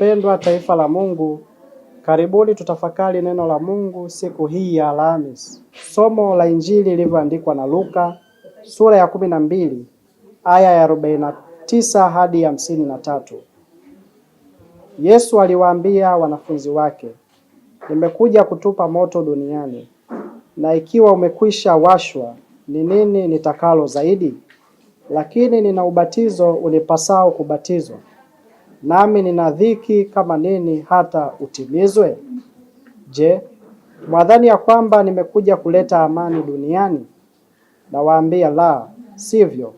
Wapendwa taifa la Mungu, karibuni tutafakari neno la Mungu siku hii ya Alhamisi. Somo la Injili lilivyoandikwa na Luka sura ya kumi na mbili aya ya arobaini na tisa hadi hamsini na tatu. Yesu aliwaambia wanafunzi wake, nimekuja kutupa moto duniani, na ikiwa umekwisha washwa, ni nini nitakalo zaidi? Lakini nina ubatizo unipasao kubatizwa nami nina dhiki kama nini hata utimizwe? Je, mwadhani ya kwamba nimekuja kuleta amani duniani? Nawaambia la, sivyo,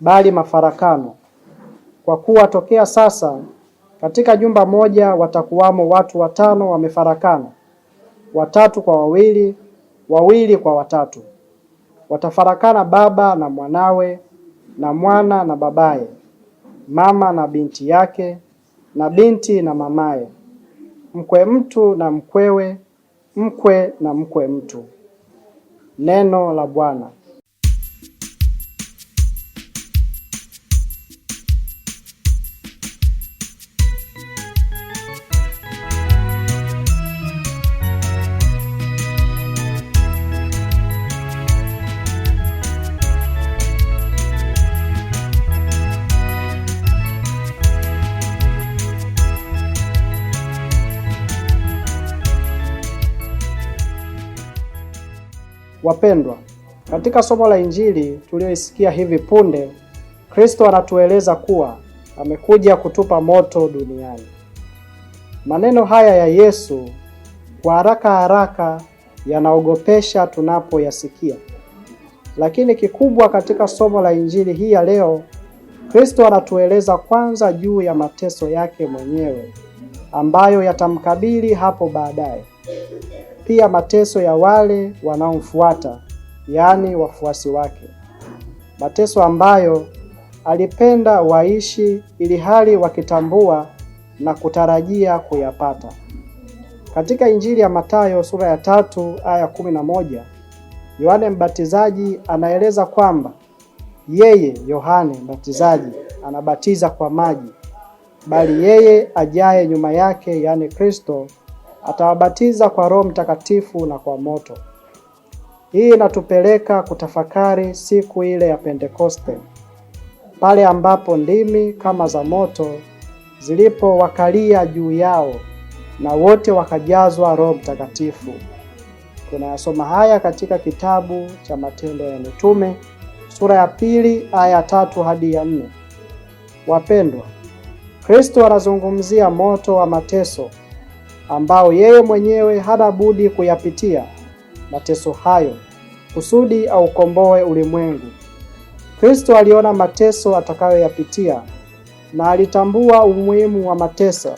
bali mafarakano. Kwa kuwa tokea sasa katika jumba moja watakuwamo watu watano wamefarakana, watatu kwa wawili, wawili kwa watatu. Watafarakana baba na mwanawe na mwana na babaye mama na binti yake, na binti na mamaye, mkwe mtu na mkwewe, mkwe na mkwe mtu. Neno la Bwana. Wapendwa, katika somo la Injili tuliyoisikia hivi punde, Kristo anatueleza kuwa amekuja kutupa moto duniani. Maneno haya ya Yesu kwa haraka haraka yanaogopesha tunapoyasikia. Lakini kikubwa katika somo la Injili hii ya leo, Kristo anatueleza kwanza juu ya mateso yake mwenyewe ambayo yatamkabili hapo baadaye pia mateso ya wale wanaomfuata, yaani wafuasi wake, mateso ambayo alipenda waishi ili hali wakitambua na kutarajia kuyapata. Katika Injili ya Mathayo sura ya tatu aya kumi na moja Yohane Mbatizaji anaeleza kwamba yeye Yohane Mbatizaji anabatiza kwa maji, bali yeye ajaye nyuma yake, yaani Kristo atawabatiza kwa Roho Mtakatifu na kwa moto. Hii inatupeleka kutafakari siku ile ya Pentekoste, pale ambapo ndimi kama za moto zilipowakalia juu yao na wote wakajazwa Roho Mtakatifu. Tunayasoma haya katika kitabu cha Matendo ya Mitume sura ya pili aya tatu hadi ya nne. Wapendwa, Kristo anazungumzia moto wa mateso ambao yeye mwenyewe hana budi kuyapitia mateso hayo kusudi aukomboe ulimwengu. Kristo aliona mateso atakayoyapitia na alitambua umuhimu wa mateso.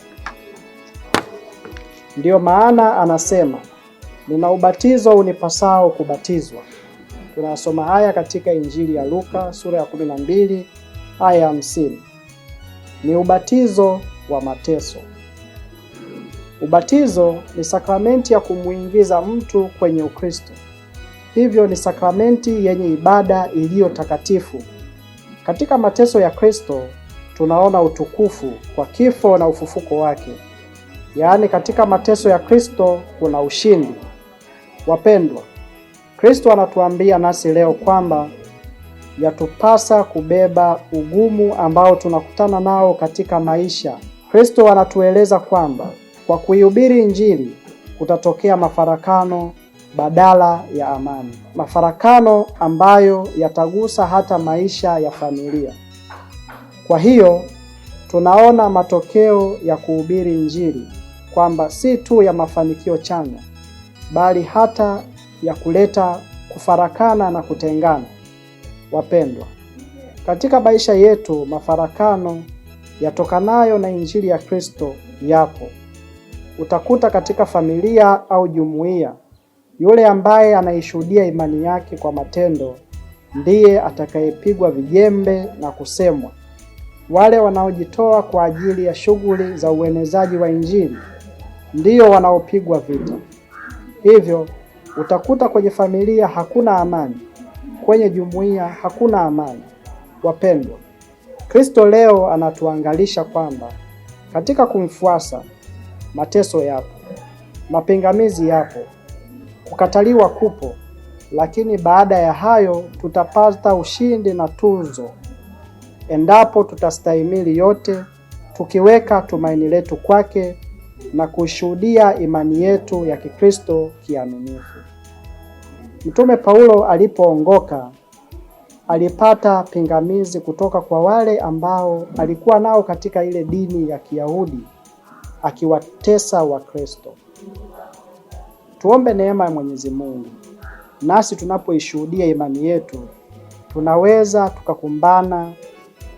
Ndiyo maana anasema nina ubatizo unipasao kubatizwa. Tunasoma haya katika Injili ya Luka sura ya 12 aya ya 50. Ni ubatizo wa mateso. Ubatizo ni sakramenti ya kumwingiza mtu kwenye Ukristo, hivyo ni sakramenti yenye ibada iliyo takatifu. Katika mateso ya Kristo tunaona utukufu kwa kifo na ufufuko wake, yaani katika mateso ya Kristo kuna ushindi. Wapendwa, Kristo anatuambia nasi leo kwamba yatupasa kubeba ugumu ambao tunakutana nao katika maisha. Kristo anatueleza kwamba kwa kuihubiri Injili kutatokea mafarakano badala ya amani, mafarakano ambayo yatagusa hata maisha ya familia. Kwa hiyo tunaona matokeo ya kuhubiri Injili kwamba si tu ya mafanikio chanya, bali hata ya kuleta kufarakana na kutengana. Wapendwa, katika maisha yetu mafarakano yatokanayo na Injili ya Kristo yapo. Utakuta katika familia au jumuiya, yule ambaye anaishuhudia imani yake kwa matendo ndiye atakayepigwa vijembe na kusemwa. Wale wanaojitoa kwa ajili ya shughuli za uenezaji wa Injili ndiyo wanaopigwa vita. Hivyo utakuta kwenye familia hakuna amani, kwenye jumuiya hakuna amani. Wapendwa, Kristo leo anatuangalisha kwamba katika kumfuasa mateso yapo, mapingamizi yapo, kukataliwa kupo, lakini baada ya hayo tutapata ushindi na tuzo endapo tutastahimili yote, tukiweka tumaini letu kwake na kushuhudia imani yetu ya Kikristo kiaminifu. Mtume Paulo alipoongoka alipata pingamizi kutoka kwa wale ambao alikuwa nao katika ile dini ya Kiyahudi akiwatesa Wakristo. Tuombe neema ya Mwenyezi Mungu, nasi tunapoishuhudia imani yetu tunaweza tukakumbana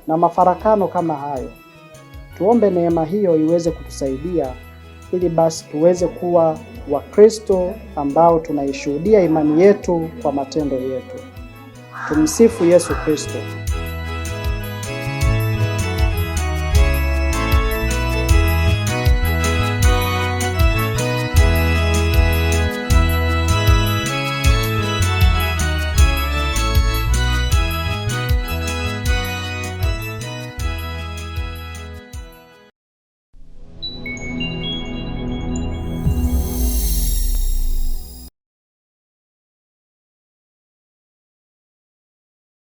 na mafarakano kama hayo. Tuombe neema hiyo iweze kutusaidia ili basi tuweze kuwa Wakristo ambao tunaishuhudia imani yetu kwa matendo yetu. Tumsifu Yesu Kristo.